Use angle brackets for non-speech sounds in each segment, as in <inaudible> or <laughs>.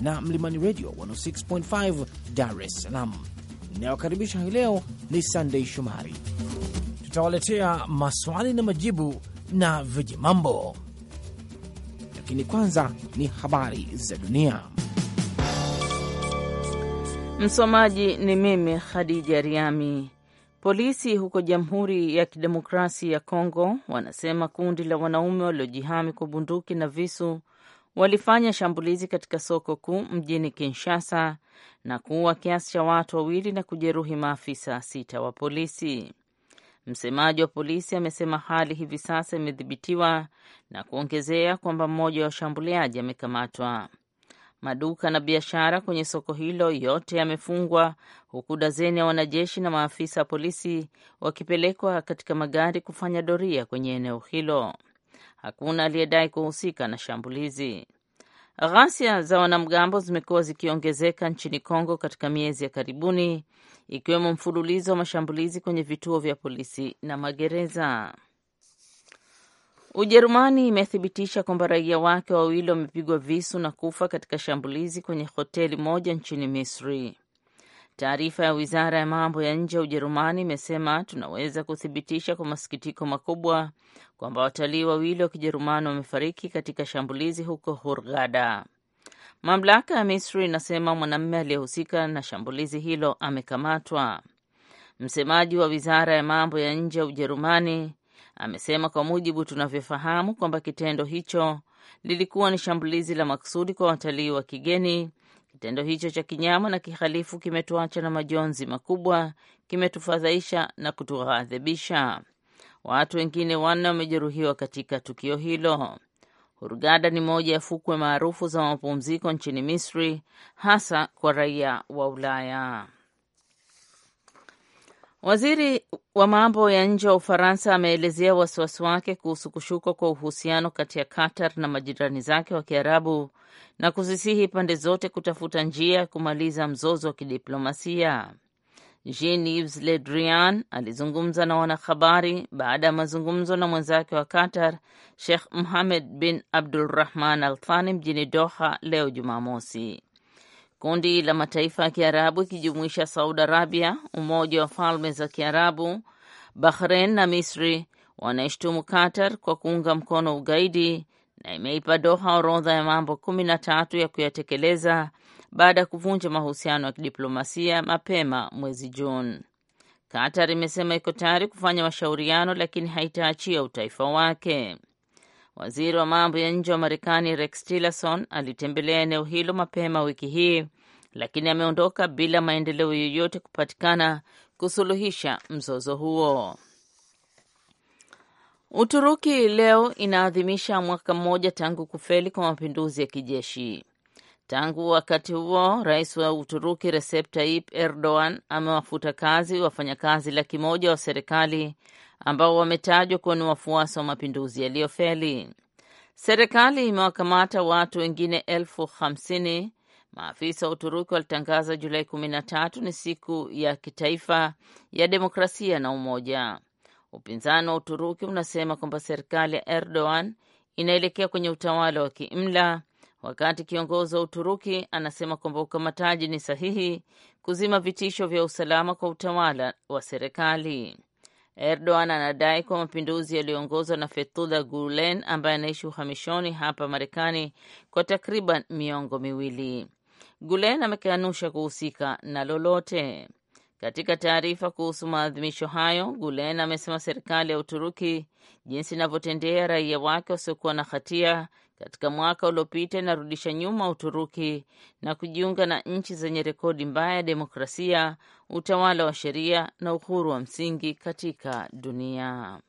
na Mlimani Radio 106.5 Dar es Salaam. Inayokaribisha hii leo ni Sandei Shomari. Tutawaletea maswali na majibu na vijimambo, lakini kwanza ni habari za dunia. Msomaji ni mimi Khadija Riami. Polisi huko Jamhuri ya kidemokrasi ya Kongo wanasema kundi la wanaume waliojihami kwa bunduki na visu walifanya shambulizi katika soko kuu mjini Kinshasa na kuua kiasi cha watu wawili na kujeruhi maafisa sita wa polisi. Msemaji wa polisi amesema hali hivi sasa imedhibitiwa na kuongezea kwamba mmoja wa washambuliaji amekamatwa. Maduka na biashara kwenye soko hilo yote yamefungwa huku dazeni ya wanajeshi na maafisa wa polisi wakipelekwa katika magari kufanya doria kwenye eneo hilo. Hakuna aliyedai kuhusika na shambulizi. Ghasia za wanamgambo zimekuwa zikiongezeka nchini Kongo katika miezi ya karibuni, ikiwemo mfululizo wa mashambulizi kwenye vituo vya polisi na magereza. Ujerumani imethibitisha kwamba raia wake wawili wamepigwa visu na kufa katika shambulizi kwenye hoteli moja nchini Misri. Taarifa ya wizara ya mambo ya nje ya Ujerumani imesema tunaweza kuthibitisha kwa masikitiko makubwa kwamba watalii wawili wa Kijerumani wamefariki katika shambulizi huko Hurghada. Mamlaka ya Misri inasema mwanamume aliyehusika na shambulizi hilo amekamatwa. Msemaji wa wizara ya mambo ya nje ya Ujerumani amesema kwa mujibu tunavyofahamu kwamba kitendo hicho lilikuwa ni shambulizi la makusudi kwa watalii wa kigeni. Kitendo hicho cha kinyama na kihalifu kimetuacha na majonzi makubwa, kimetufadhaisha na kutughadhibisha. Watu wengine wanne wamejeruhiwa katika tukio hilo. Hurghada ni moja ya fukwe maarufu za mapumziko nchini Misri, hasa kwa raia wa Ulaya. Waziri wa mambo ya nje wa Ufaransa ameelezea wasiwasi wake kuhusu kushuka kwa uhusiano kati ya Qatar na majirani zake wa Kiarabu na kuzisihi pande zote kutafuta njia ya kumaliza mzozo wa kidiplomasia. Jean-Yves Le Drian alizungumza na wanahabari baada ya mazungumzo na mwenzake wa Qatar Sheikh Mohammed bin Abdulrahman Al Thani mjini Doha leo Jumamosi. Kundi la mataifa ya Kiarabu ikijumuisha Saudi Arabia, Umoja wa Falme za Kiarabu, Bahrain na Misri wanaishtumu Qatar kwa kuunga mkono ugaidi na imeipa Doha orodha ya mambo kumi na tatu ya kuyatekeleza baada ya kuvunja mahusiano ya kidiplomasia mapema mwezi Juni. Qatar imesema iko tayari kufanya mashauriano lakini haitaachia utaifa wake. Waziri wa mambo ya nje wa Marekani Rex Tillerson alitembelea eneo hilo mapema wiki hii, lakini ameondoka bila maendeleo yoyote kupatikana kusuluhisha mzozo huo. Uturuki leo inaadhimisha mwaka mmoja tangu kufeli kwa mapinduzi ya kijeshi. Tangu wakati huo, rais wa Uturuki Recep Tayyip Erdogan amewafuta kazi wafanyakazi laki moja wa serikali ambao wametajwa kuwa ni wafuasi wa mapinduzi yaliyofeli. Serikali imewakamata watu wengine elfu hamsini. Maafisa wa Uturuki walitangaza Julai kumi na tatu ni siku ya kitaifa ya demokrasia na umoja. Upinzani wa Uturuki unasema kwamba serikali ya Erdogan inaelekea kwenye utawala wa kiimla wakati kiongozi wa Uturuki anasema kwamba ukamataji ni sahihi kuzima vitisho vya usalama kwa utawala wa serikali. Erdogan anadai kuwa mapinduzi yaliyoongozwa na Fethullah Gulen ambaye anaishi uhamishoni hapa Marekani kwa takriban miongo miwili. Gulen amekanusha kuhusika na lolote. Katika taarifa kuhusu maadhimisho hayo, Gulen amesema serikali ya Uturuki jinsi inavyotendea raia wake wasiokuwa na hatia katika mwaka uliopita inarudisha nyuma Uturuki na kujiunga na nchi zenye rekodi mbaya ya demokrasia, utawala wa sheria na uhuru wa msingi katika dunia.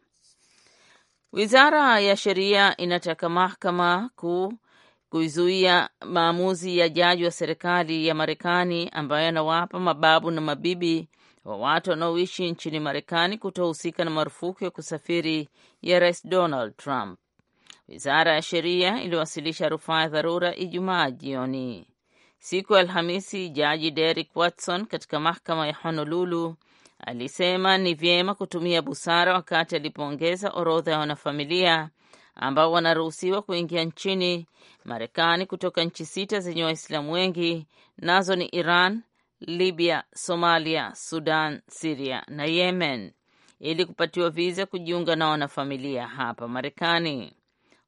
Wizara ya Sheria inataka mahakama kuu kuizuia maamuzi ya jaji wa serikali ya Marekani ambayo yanawapa mababu na mabibi wa watu wanaoishi nchini Marekani kutohusika na marufuku ya kusafiri ya Rais Donald Trump. Wizara ya sheria iliwasilisha rufaa ya dharura Ijumaa jioni. Siku ya Alhamisi, jaji derik Watson katika mahakama ya Honolulu alisema ni vyema kutumia busara wakati alipoongeza orodha ya wanafamilia ambao wanaruhusiwa kuingia nchini Marekani kutoka nchi sita zenye Waislamu wengi, nazo ni Iran, Libya, Somalia, Sudan, Siria na Yemen, ili kupatiwa viza kujiunga na wanafamilia hapa Marekani.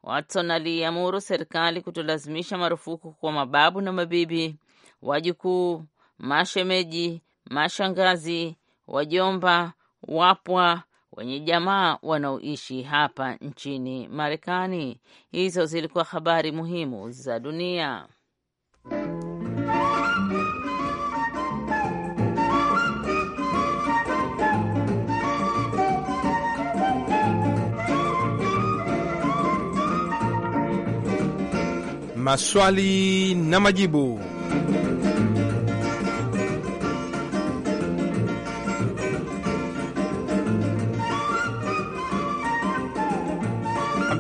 Watson aliamuru serikali kutolazimisha marufuku kwa mababu na mabibi, wajukuu, mashemeji, mashangazi, wajomba, wapwa wenye jamaa wanaoishi hapa nchini Marekani. Hizo zilikuwa habari muhimu za dunia. maswali na majibu.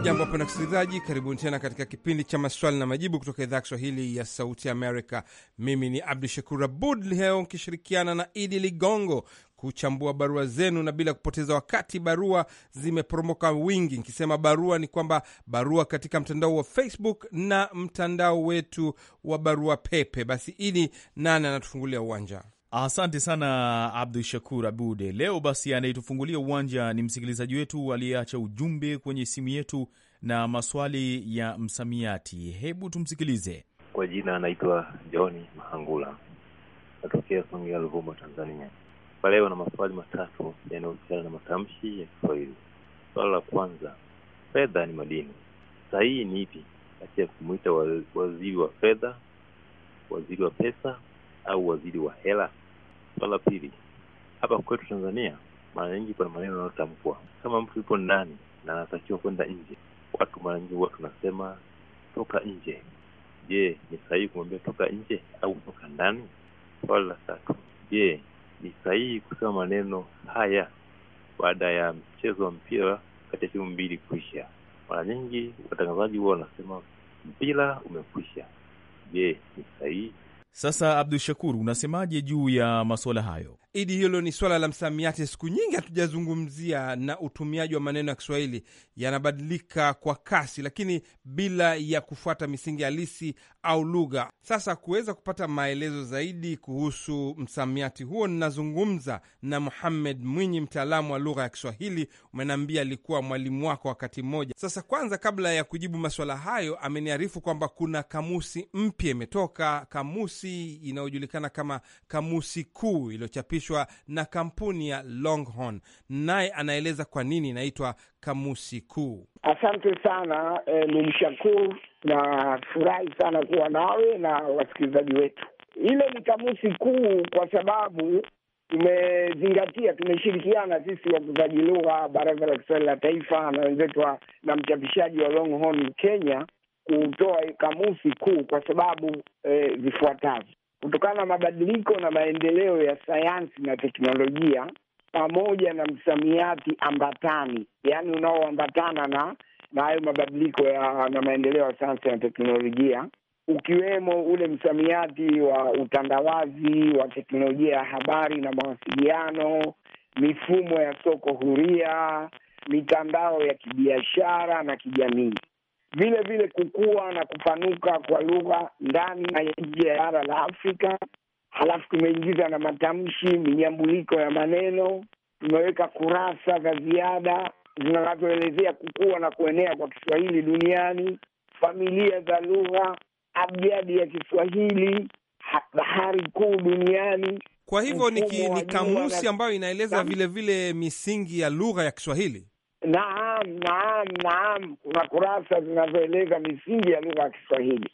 Jambo wapenda kusikilizaji, karibuni tena katika kipindi cha maswali na majibu kutoka idhaa ya Kiswahili ya Sauti Amerika. Mimi ni Abdu Shakur Abud, leo nkishirikiana na Idi Ligongo kuchambua barua zenu, na bila kupoteza wakati, barua zimeporomoka wingi. Nikisema barua ni kwamba barua katika mtandao wa Facebook na mtandao wetu wa barua pepe. Basi Idi nane anatufungulia uwanja. Asante sana Abdu Shakur Abude. Leo basi, anayetufungulia uwanja ni msikilizaji wetu aliyeacha ujumbe kwenye simu yetu na maswali ya msamiati. Hebu tumsikilize. Kwa jina anaitwa Johni Mahangula, natokea Songea, Ruvuma, Tanzania. Kwa leo na maswali matatu yanayohusiana na matamshi ya Kiswahili. Swala la kwanza, fedha ni madini, sahihi ni ipi kati ya kumwita waziri wa fedha, waziri wa pesa au waziri wa hela? Swala la pili, hapa kwetu Tanzania mara nyingi kuna maneno yanayotamkwa. Kama mtu yupo ndani na anatakiwa kwenda nje, watu mara nyingi huwa tunasema toka nje. Je, ni sahihi kumwambia toka nje au toka ndani? Swala la tatu, je, ni sahihi kusema maneno haya baada ya mchezo wa mpira kati ya timu mbili kuisha? Mara nyingi watangazaji huwa wanasema mpira umekwisha. Je, ni sahihi? Sasa Abdu Shakur, unasemaje juu ya masuala hayo? Idi, hilo ni swala la msamiati, siku nyingi hatujazungumzia, na utumiaji wa maneno ya Kiswahili yanabadilika kwa kasi, lakini bila ya kufuata misingi halisi au lugha. Sasa kuweza kupata maelezo zaidi kuhusu msamiati huo, ninazungumza na Muhammed Mwinyi, mtaalamu wa lugha ya Kiswahili. Umeniambia alikuwa mwalimu wako wakati mmoja. Sasa kwanza, kabla ya kujibu maswala hayo, ameniarifu kwamba kuna kamusi mpya imetoka, kamusi inayojulikana kama Kamusi Kuu iliyochapishwa iliyochapishwa na kampuni ya Longhorn, naye anaeleza kwa nini inaitwa kamusi kuu. Asante sana Abdulshakur, eh, na furahi sana kuwa nawe na wasikilizaji wetu. Ile ni kamusi kuu kwa sababu tumezingatia, tumeshirikiana sisi wakuzaji lugha, Baraza la Kiswahili la Taifa na wenzetu na mchapishaji wa Longhorn Kenya kutoa kamusi kuu kwa sababu eh, zifuatazo kutokana na mabadiliko na maendeleo ya sayansi na teknolojia pamoja na msamiati ambatani, yaani unaoambatana na na hayo mabadiliko ya na maendeleo ya sayansi na teknolojia, ukiwemo ule msamiati wa utandawazi wa teknolojia ya habari na mawasiliano, mifumo ya soko huria, mitandao ya kibiashara na kijamii vile vile kukua na kupanuka kwa lugha ndani na nje ya bara la Afrika. Halafu tumeingiza na matamshi, minyambuliko ya maneno, tumeweka kurasa za ziada zinazoelezea kukua na kuenea kwa Kiswahili duniani, familia za lugha, abjadi ya Kiswahili, bahari kuu duniani. Kwa hivyo ni, ki, ni kamusi ambayo inaeleza vilevile vile misingi ya lugha ya Kiswahili. Naam, naam, naam, kuna kurasa zinazoeleza misingi ya lugha ya Kiswahili.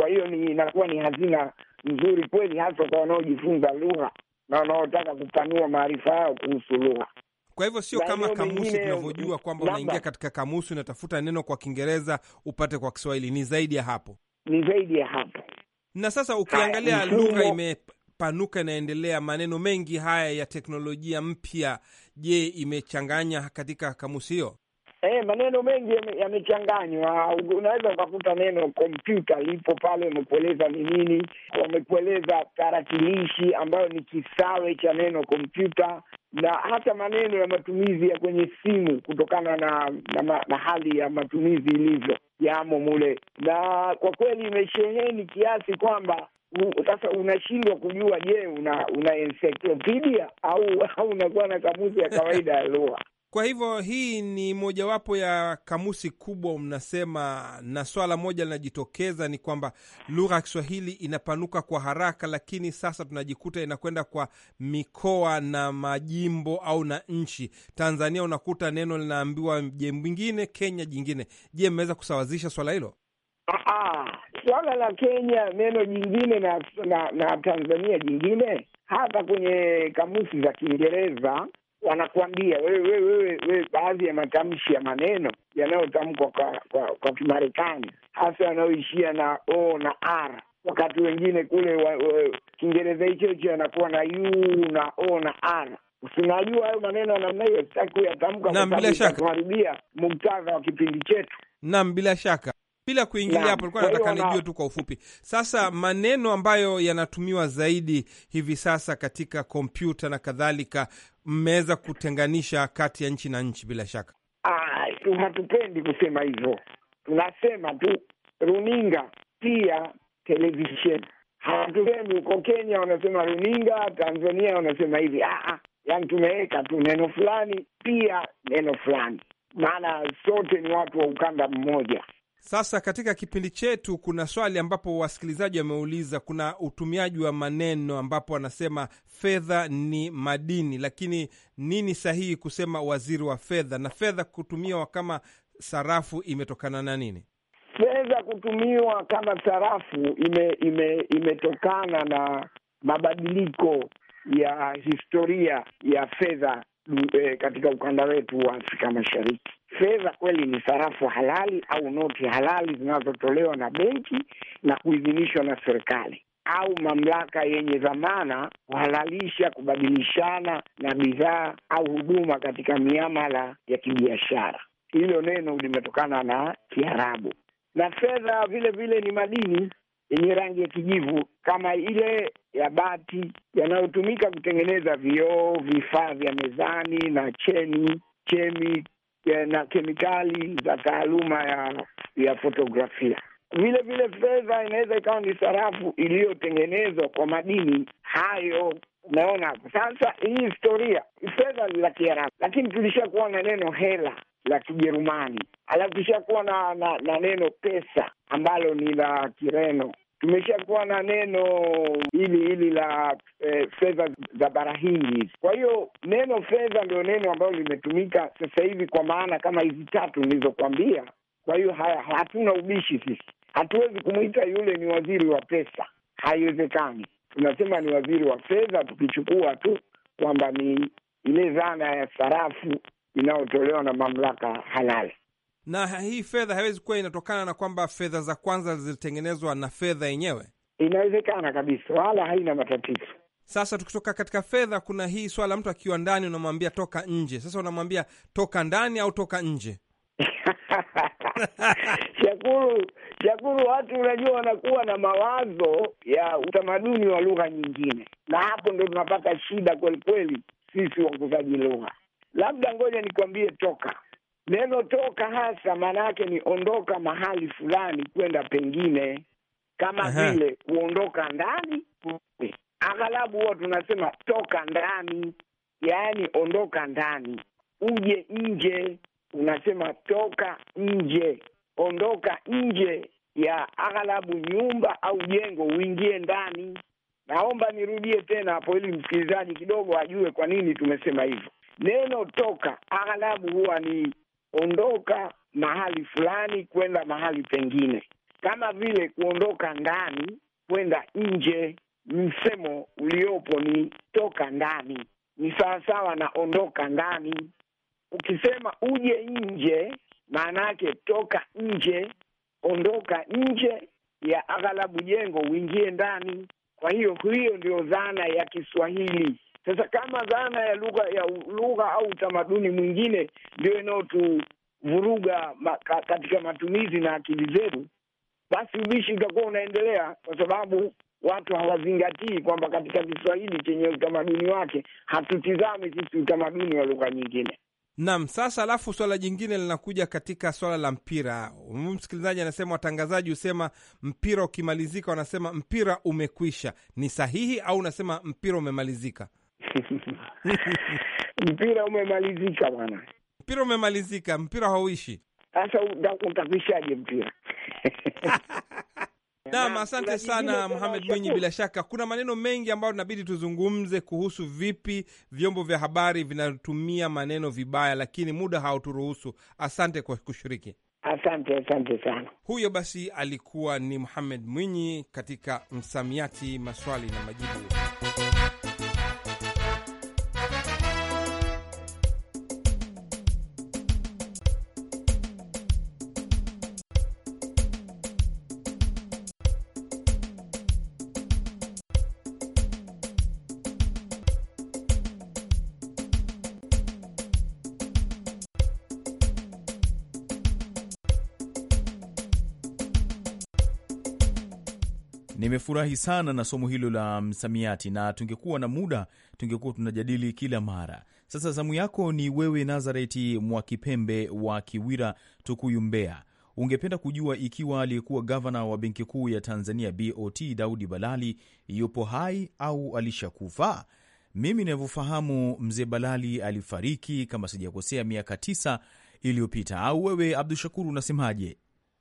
Kwa hiyo ni inakuwa ni hazina nzuri kweli, hasa kwa wanaojifunza lugha na wanaotaka kupanua maarifa yao kuhusu lugha. Kwa hivyo sio kama kamusi tunavyojua kwamba unaingia katika kamusi unatafuta neno kwa Kiingereza upate kwa Kiswahili, ni zaidi ya hapo, ni zaidi ya hapo. Na sasa ukiangalia lugha ime panuka inaendelea, maneno mengi haya ya teknolojia mpya. Je, imechanganya katika kamusi hiyo? E, maneno mengi yamechanganywa. Unaweza ukakuta neno kompyuta lipo pale, wamekueleza ni nini, wamekueleza tarakilishi ambayo ni kisawe cha neno kompyuta, na hata maneno ya matumizi ya kwenye simu kutokana na, na, na hali ya matumizi ilivyo yamo mule, na kwa kweli imesheheni kiasi kwamba sasa unashindwa kujua, je, una una encyclopedia au <laughs> au unakuwa na kamusi ya kawaida ya lugha? <laughs> Kwa hivyo hii ni mojawapo ya kamusi kubwa mnasema, na swala moja linajitokeza ni kwamba lugha ya Kiswahili inapanuka kwa haraka, lakini sasa tunajikuta inakwenda kwa mikoa na majimbo au na nchi. Tanzania unakuta neno linaambiwa je mwingine, Kenya jingine. Je, mmeweza kusawazisha swala hilo? Swala la Kenya neno jingine na, na, na Tanzania jingine, hata kwenye kamusi za Kiingereza wanakuambia wewe baadhi ya matamshi ya maneno yanayotamkwa kwa, kwa, kwa Kimarekani hasa yanayoishia na o na r, wakati wengine kule Kiingereza hicho hicho yanakuwa na u na o na r. Sinajua hayo maneno ya namna hiyo sitaki kuyatamka muktadha wa kipindi chetu. Naam, bila shaka bila kuingilia hapo, nilikuwa nataka nijue tu kwa ufupi, sasa maneno ambayo yanatumiwa zaidi hivi sasa katika kompyuta na kadhalika, mmeweza kutenganisha kati ya nchi na nchi? Bila shaka ah, hatupendi kusema hivyo, tunasema tu runinga, pia televisheni. Hatusemi huko Kenya wanasema runinga, Tanzania wanasema hivi. Ah, ah, yani tumeweka tu neno fulani, pia neno fulani, maana sote ni watu wa ukanda mmoja. Sasa katika kipindi chetu kuna swali ambapo wasikilizaji wameuliza, kuna utumiaji wa maneno ambapo wanasema fedha ni madini, lakini nini sahihi kusema waziri wa fedha, na fedha kutumiwa kama sarafu imetokana na nini? Fedha kutumiwa kama sarafu ime, ime, imetokana na mabadiliko ya historia ya fedha eh, katika ukanda wetu wa Afrika Mashariki fedha kweli ni sarafu halali au noti halali zinazotolewa na benki na kuidhinishwa na serikali au mamlaka yenye dhamana kuhalalisha kubadilishana na bidhaa au huduma katika miamala ya kibiashara. Hilo neno limetokana na Kiarabu. Na fedha vile vile ni madini yenye rangi ya kijivu kama ile ya bati yanayotumika kutengeneza vioo, vifaa vya mezani na cheni, chemi, na kemikali za taaluma ya ya fotografia. Vile vile fedha inaweza ikawa ni sarafu iliyotengenezwa kwa madini hayo. Unaona, sasa hii historia, fedha ni la Kiarabu, lakini tulishakuwa na neno hela la Kijerumani, alafu tulishakuwa na, na, na neno pesa ambalo ni la Kireno tumeshakuwa na neno hili hili la eh, fedha za bara hizi Kwa hiyo neno fedha ndio neno ambalo limetumika sasa hivi kwa maana kama hizi tatu nilizokwambia. Kwa hiyo hatuna ubishi sisi, hatuwezi kumwita yule ni waziri wa pesa, haiwezekani. Tunasema ni waziri wa fedha, tukichukua tu kwamba ni ile dhana ya sarafu inayotolewa na mamlaka halali na hii fedha haiwezi kuwa inatokana na kwamba fedha za kwanza zilitengenezwa na fedha yenyewe. Inawezekana kabisa, wala haina matatizo. Sasa tukitoka katika fedha, kuna hii swala, mtu akiwa ndani unamwambia toka nje. Sasa unamwambia toka ndani au toka nje? <laughs> Shakuru, Shakuru, watu unajua wanakuwa na mawazo ya utamaduni wa lugha nyingine, na hapo ndo tunapata shida kwelikweli sisi wakuzaji lugha. Labda ngoja nikwambie toka Neno toka hasa maana yake ni ondoka mahali fulani kwenda pengine, kama vile kuondoka ndani. Aghalabu huwa tunasema toka ndani, yaani ondoka ndani uje nje. Unasema toka nje, ondoka nje ya aghalabu nyumba au jengo, uingie ndani. Naomba nirudie tena hapo, ili msikilizaji kidogo ajue kwa nini tumesema hivyo. Neno toka aghalabu huwa ni ondoka mahali fulani kwenda mahali pengine, kama vile kuondoka ndani kwenda nje. Msemo uliopo ni toka ndani, ni sawasawa na ondoka ndani. Ukisema uje nje, maana yake toka nje, ondoka nje ya aghalabu jengo uingie ndani. Kwa hiyo hiyo ndio dhana ya Kiswahili sasa kama dhana ya lugha ya lugha au utamaduni mwingine ndio inayotuvuruga ma, katika matumizi na akili zetu, basi ubishi utakuwa unaendelea, kwa sababu watu hawazingatii kwamba katika Kiswahili chenye utamaduni wake hatutizami sisi utamaduni wa lugha nyingine. Naam. Sasa alafu swala jingine linakuja katika swala la mpira. Msikilizaji anasema watangazaji husema mpira ukimalizika, wanasema mpira umekwisha. Ni sahihi au unasema mpira umemalizika? <laughs> mpira umemalizika bwana, mpira umemalizika, mpira hauishi. Sasa utakuishaje mpira? <laughs> Naam, asante sana mhamed Mwinyi. Bila shaka kuna maneno mengi ambayo inabidi tuzungumze kuhusu vipi vyombo vya habari vinatumia maneno vibaya, lakini muda hauturuhusu. Asante kwa kushiriki. Asante, asante sana. Huyo basi alikuwa ni muhamed Mwinyi katika msamiati maswali na majibu. tumefurahi sana na somo hilo la msamiati, na tungekuwa na muda tungekuwa tunajadili kila mara. Sasa zamu yako ni wewe, Nazareti mwa Kipembe wa Kiwira, Tukuyu, Mbeya. Ungependa kujua ikiwa aliyekuwa gavana wa Benki Kuu ya Tanzania BOT Daudi Balali yupo hai au alishakufa. Mimi ninavyofahamu mzee Balali alifariki kama sijakosea miaka tisa iliyopita, au wewe Abdu Shakuru unasemaje?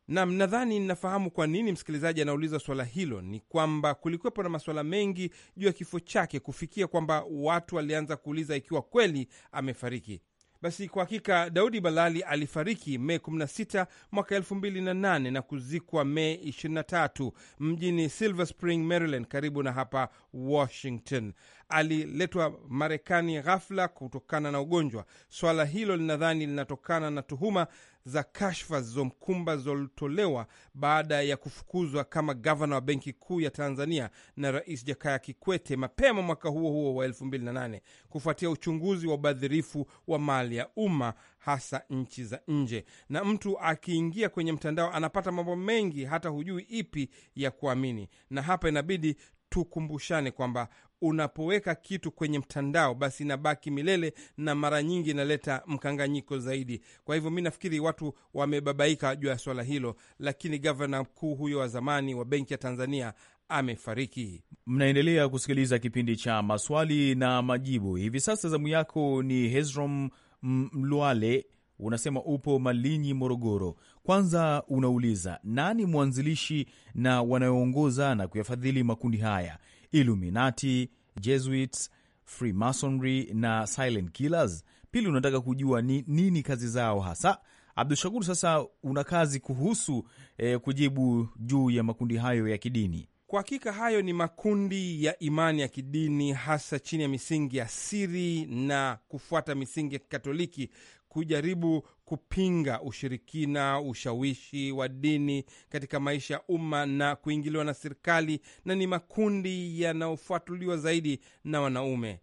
na nadhani ninafahamu kwa nini msikilizaji anauliza swala hilo. Ni kwamba kulikuwepo na maswala mengi juu ya kifo chake kufikia kwamba watu walianza kuuliza ikiwa kweli amefariki. Basi kwa hakika Daudi Balali alifariki Mei 16 mwaka 2008 na kuzikwa Mei 23 mjini Silver Spring, Maryland, karibu na hapa Washington. Aliletwa Marekani ghafla kutokana na ugonjwa. Swala hilo linadhani linatokana na tuhuma za kashfa zilizomkumba zilizotolewa baada ya kufukuzwa kama gavana wa Benki Kuu ya Tanzania na Rais Jakaya Kikwete mapema mwaka huo huo wa 2008 kufuatia uchunguzi wa ubadhirifu wa mali ya umma hasa nchi za nje. Na mtu akiingia kwenye mtandao anapata mambo mengi, hata hujui ipi ya kuamini, na hapa inabidi tukumbushane kwamba unapoweka kitu kwenye mtandao basi inabaki milele na mara nyingi inaleta mkanganyiko zaidi. Kwa hivyo mi nafikiri watu wamebabaika juu ya swala hilo, lakini gavana mkuu huyo wa zamani wa Benki ya Tanzania amefariki. Mnaendelea kusikiliza kipindi cha maswali na majibu. Hivi sasa zamu yako ni Hezrom Mlwale unasema upo Malinyi, Morogoro. Kwanza unauliza nani mwanzilishi na wanayoongoza na kuyafadhili makundi haya: Illuminati, Jesuits, Freemasonry na Silent Killers. Pili, unataka kujua ni nini kazi zao hasa. Abdu Shakur, sasa una kazi kuhusu eh, kujibu juu ya makundi hayo ya kidini. Kwa hakika hayo ni makundi ya imani ya kidini hasa chini ya misingi ya siri na kufuata misingi ya Kikatoliki kujaribu kupinga ushirikina, ushawishi wa dini katika maisha ya umma na kuingiliwa na serikali, na ni makundi yanayofuatuliwa zaidi na wanaume.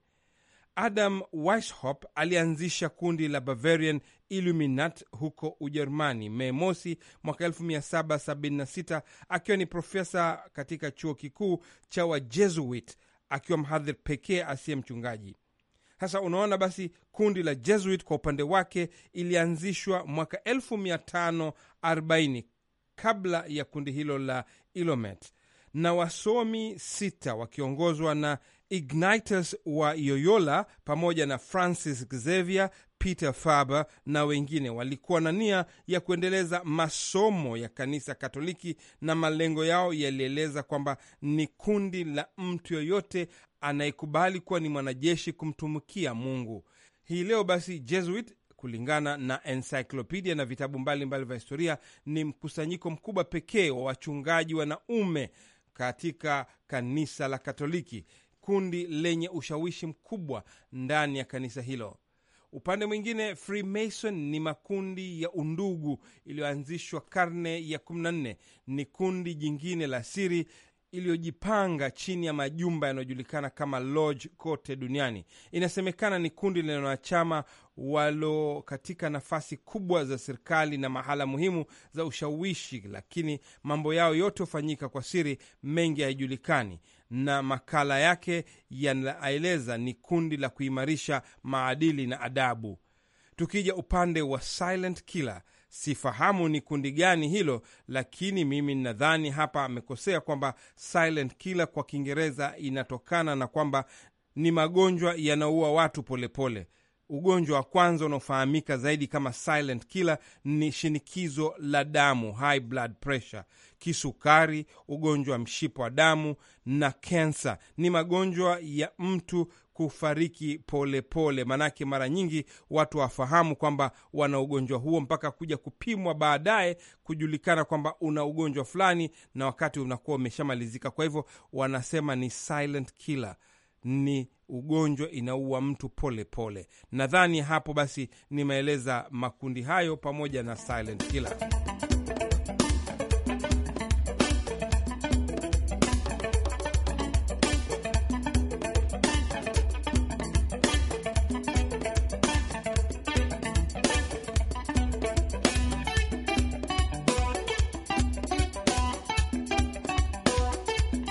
Adam Weishaupt alianzisha kundi la Bavarian Illuminat huko Ujerumani Mei mosi mwaka 1776 akiwa ni profesa katika chuo kikuu cha Wajesuit akiwa mhadhiri pekee asiye mchungaji. Sasa unaona, basi kundi la Jesuit kwa upande wake ilianzishwa mwaka 1540 kabla ya kundi hilo la Ilomet na wasomi sita wakiongozwa na Ignatius wa yoyola pamoja na Francis Xavier Peter Faber na wengine walikuwa na nia ya kuendeleza masomo ya kanisa Katoliki, na malengo yao yalieleza kwamba ni kundi la mtu yoyote anayekubali kuwa ni mwanajeshi kumtumikia Mungu. Hii leo basi Jesuit kulingana na encyclopedia na vitabu mbalimbali vya historia ni mkusanyiko mkubwa pekee wa wachungaji wanaume katika kanisa la Katoliki, kundi lenye ushawishi mkubwa ndani ya kanisa hilo. Upande mwingine, Freemason ni makundi ya undugu iliyoanzishwa karne ya 14. Ni kundi jingine la siri iliyojipanga chini ya majumba yanayojulikana kama lodge kote duniani. Inasemekana ni kundi lenye wanachama walo katika nafasi kubwa za serikali na mahala muhimu za ushawishi, lakini mambo yao yote hufanyika kwa siri, mengi hayajulikani. Na makala yake yanaeleza ni kundi la kuimarisha maadili na adabu. Tukija upande wa silent killer, sifahamu ni kundi gani hilo, lakini mimi nadhani hapa amekosea kwamba silent killer kwa Kiingereza inatokana na kwamba ni magonjwa yanaua watu polepole pole. Ugonjwa wa kwanza unaofahamika zaidi kama silent killer ni shinikizo la damu, high blood pressure, kisukari, ugonjwa wa mshipo wa damu na kansa. Ni magonjwa ya mtu kufariki polepole, maanake mara nyingi watu wafahamu kwamba wana ugonjwa huo mpaka kuja kupimwa baadaye kujulikana kwamba una ugonjwa fulani, na wakati unakuwa umeshamalizika. Kwa hivyo wanasema ni silent killer ni ugonjwa inaua mtu pole pole. Nadhani hapo basi nimeeleza makundi hayo pamoja na silent killer.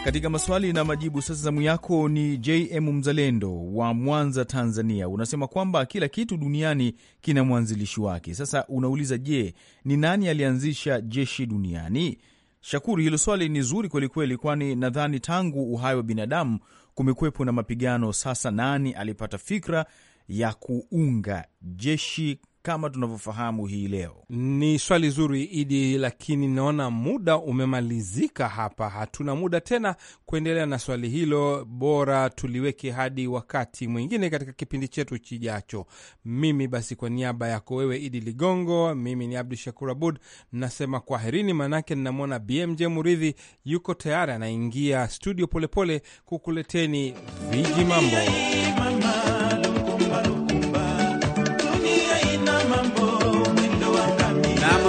Katika maswali na majibu, sasa zamu yako ni JM Mzalendo wa Mwanza, Tanzania. Unasema kwamba kila kitu duniani kina mwanzilishi wake. Sasa unauliza, je, ni nani alianzisha jeshi duniani? Shakuri, hilo swali ni zuri kwelikweli, kwani nadhani tangu uhai wa binadamu kumekwepo na mapigano. Sasa nani alipata fikra ya kuunga jeshi kama tunavyofahamu hii leo. Ni swali zuri Idi, lakini naona muda umemalizika hapa, hatuna muda tena kuendelea na swali hilo, bora tuliweke hadi wakati mwingine katika kipindi chetu chijacho. Mimi basi, kwa niaba yako wewe Idi Ligongo, mimi ni Abdu Shakur Abud nasema kwaherini, maanake ninamwona BMJ Muridhi yuko tayari anaingia studio polepole kukuleteni viji mambo.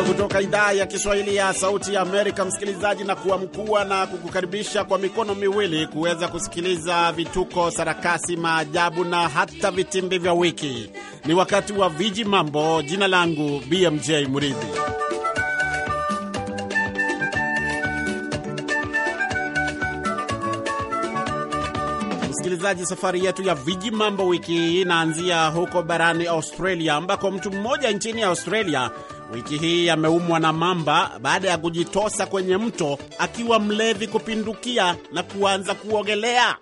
kutoka idhaa ya Kiswahili ya Sauti ya Amerika, msikilizaji, na kuamkua na kukukaribisha kwa mikono miwili kuweza kusikiliza vituko, sarakasi, maajabu na hata vitimbi vya wiki. Ni wakati wa viji mambo. Jina langu BMJ Muridhi. Msikilizaji, safari yetu ya viji mambo wiki hii inaanzia huko barani Australia, ambako mtu mmoja nchini Australia wiki hii ameumwa na mamba baada ya kujitosa kwenye mto akiwa mlevi kupindukia na kuanza kuogelea.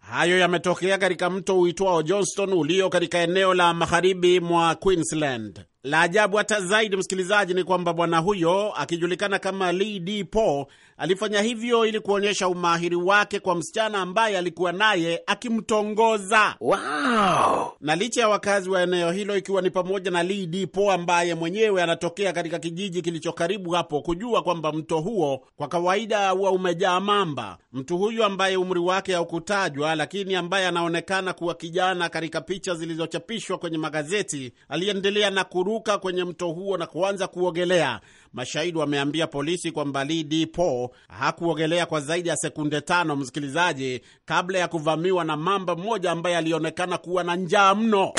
Hayo yametokea katika mto uitwao Johnston ulio katika eneo la magharibi mwa Queensland. La ajabu hata zaidi, msikilizaji, ni kwamba bwana huyo akijulikana kama Lee D Po Alifanya hivyo ili kuonyesha umahiri wake kwa msichana ambaye alikuwa naye akimtongoza. Wow! Na licha ya wakazi wa eneo hilo, ikiwa ni pamoja na Lee Dipo ambaye mwenyewe anatokea katika kijiji kilicho karibu hapo, kujua kwamba mto huo kwa kawaida huwa umejaa mamba, mtu huyu ambaye umri wake haukutajwa, lakini ambaye anaonekana kuwa kijana katika picha zilizochapishwa kwenye magazeti, aliendelea na kuruka kwenye mto huo na kuanza kuogelea. Mashahidi wameambia polisi kwamba Lee Dipo hakuogelea kwa zaidi ya sekunde tano, msikilizaji, kabla ya kuvamiwa na mamba mmoja ambaye alionekana kuwa na njaa mno.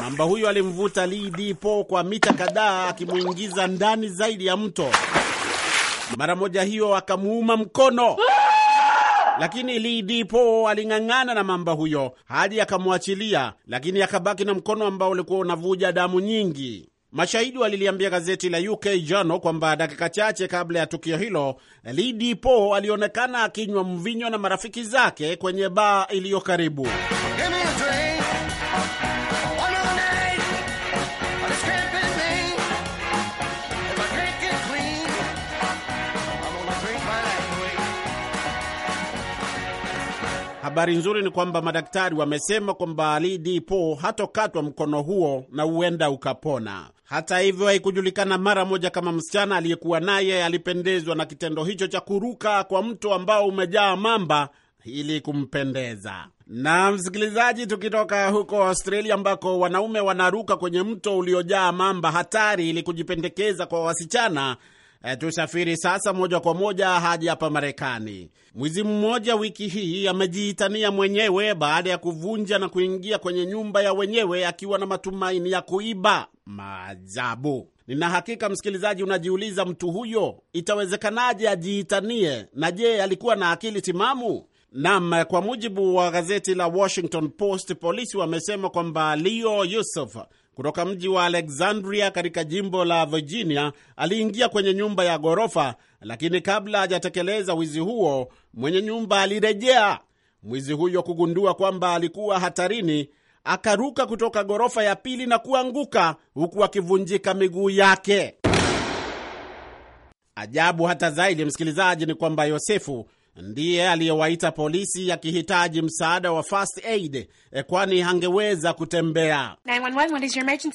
Mamba huyo alimvuta Lee Dipo kwa mita kadhaa, akimuingiza ndani zaidi ya mto. Mara moja hiyo akamuuma mkono lakini Lidipo aling'ang'ana na mamba huyo hadi akamwachilia, lakini akabaki na mkono ambao ulikuwa unavuja damu nyingi. Mashahidi waliliambia gazeti la UK jano kwamba dakika chache kabla ya tukio hilo Lidi Po alionekana akinywa mvinyo na marafiki zake kwenye baa iliyo karibu. Habari nzuri ni kwamba madaktari wamesema kwamba Lidi Po hatokatwa mkono huo na huenda ukapona. Hata hivyo, haikujulikana mara moja kama msichana aliyekuwa naye alipendezwa na kitendo hicho cha kuruka kwa mto ambao umejaa mamba ili kumpendeza. Na msikilizaji, tukitoka huko Australia ambako wanaume wanaruka kwenye mto uliojaa mamba hatari ili kujipendekeza kwa wasichana. E, tusafiri sasa moja kwa moja hadi hapa Marekani. Mwizi mmoja wiki hii amejiitania mwenyewe baada ya kuvunja na kuingia kwenye nyumba ya wenyewe akiwa na matumaini ya kuiba maajabu. Nina hakika msikilizaji, unajiuliza mtu huyo itawezekanaje ajiitanie, na je, alikuwa na akili timamu? Nam, kwa mujibu wa gazeti la Washington Post, polisi wamesema kwamba Leo Yusuf kutoka mji wa Alexandria katika jimbo la Virginia aliingia kwenye nyumba ya ghorofa, lakini kabla hajatekeleza wizi huo, mwenye nyumba alirejea. Mwizi huyo kugundua kwamba alikuwa hatarini, akaruka kutoka ghorofa ya pili na kuanguka huku akivunjika miguu yake. Ajabu hata zaidi, msikilizaji, ni kwamba Yosefu ndiye aliyewaita polisi akihitaji msaada wa first aid, eh, kwani hangeweza kutembea.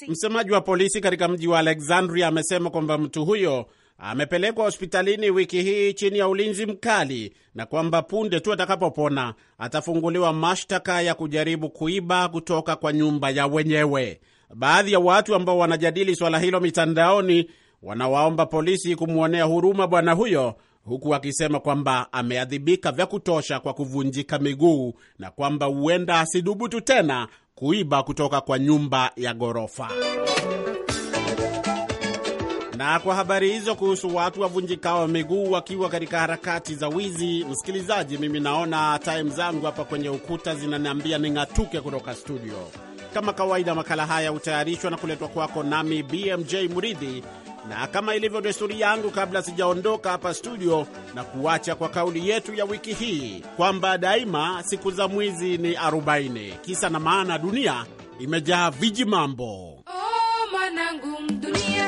Msemaji wa polisi katika mji wa Alexandria amesema kwamba mtu huyo amepelekwa hospitalini wiki hii chini ya ulinzi mkali na kwamba punde tu atakapopona atafunguliwa mashtaka ya kujaribu kuiba kutoka kwa nyumba ya wenyewe. Baadhi ya watu ambao wanajadili swala hilo mitandaoni wanawaomba polisi kumwonea huruma bwana huyo, huku akisema kwamba ameadhibika vya kutosha kwa kuvunjika miguu na kwamba huenda asidhubutu tena kuiba kutoka kwa nyumba ya ghorofa. Na kwa habari hizo kuhusu watu wavunjikao miguu wakiwa katika harakati za wizi, msikilizaji, mimi naona time zangu hapa kwenye ukuta zinaniambia ning'atuke kutoka studio. Kama kawaida, makala haya hutayarishwa na kuletwa kwako nami BMJ Muridhi, na kama ilivyo desturi yangu, kabla sijaondoka hapa studio, na kuacha kwa kauli yetu ya wiki hii kwamba daima siku za mwizi ni 40. Kisa na maana, dunia imejaa viji mambo. Oh, dunia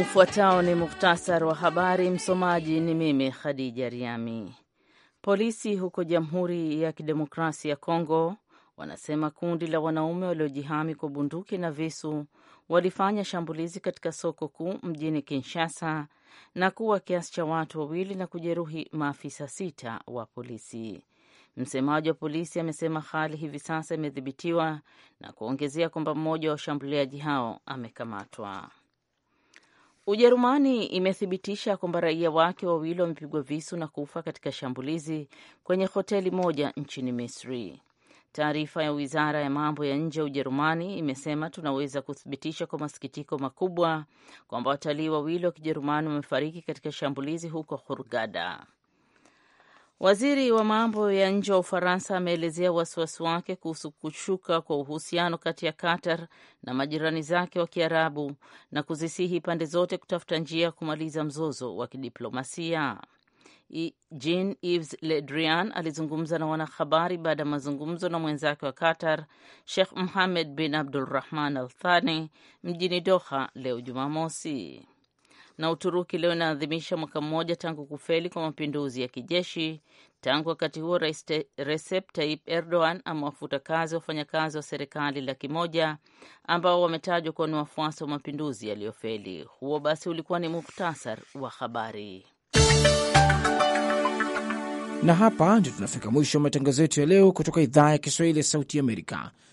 mfuatao ufuatao ni muhtasari wa habari. Msomaji ni mimi Khadija Riami. Polisi huko Jamhuri ya Kidemokrasia ya Kongo wanasema kundi la wanaume waliojihami kwa bunduki na visu walifanya shambulizi katika soko kuu mjini Kinshasa na kuwa kiasi cha watu wawili na kujeruhi maafisa sita wa polisi. Msemaji wa polisi amesema hali hivi sasa imedhibitiwa na kuongezea kwamba mmoja wa washambuliaji hao amekamatwa. Ujerumani imethibitisha kwamba raia wake wawili wamepigwa visu na kufa katika shambulizi kwenye hoteli moja nchini Misri. Taarifa ya wizara ya mambo ya nje ya Ujerumani imesema tunaweza kuthibitisha kwa masikitiko makubwa kwamba watalii wawili wa Kijerumani wamefariki katika shambulizi huko Hurghada. Waziri wa mambo ya nje wa Ufaransa ameelezea wasiwasi wake kuhusu kushuka kwa uhusiano kati ya Qatar na majirani zake wa Kiarabu na kuzisihi pande zote kutafuta njia ya kumaliza mzozo wa kidiplomasia. Jean Yves Le Drian alizungumza na wanahabari baada ya mazungumzo na mwenzake wa Qatar Sheikh Mohammed bin Abdul Rahman Al Thani mjini Doha leo Jumamosi na Uturuki leo inaadhimisha mwaka mmoja tangu kufeli kwa mapinduzi ya kijeshi. Tangu wakati huo, Rais Recep Tayyip Erdogan amewafuta kazi wafanyakazi wa serikali laki moja ambao wametajwa kuwa ni wafuasi wa mapinduzi yaliyofeli. Huo basi ulikuwa ni muktasar wa habari, na hapa ndio tunafika mwisho wa matangazo yetu ya leo kutoka idhaa ya Kiswahili ya Sauti Amerika.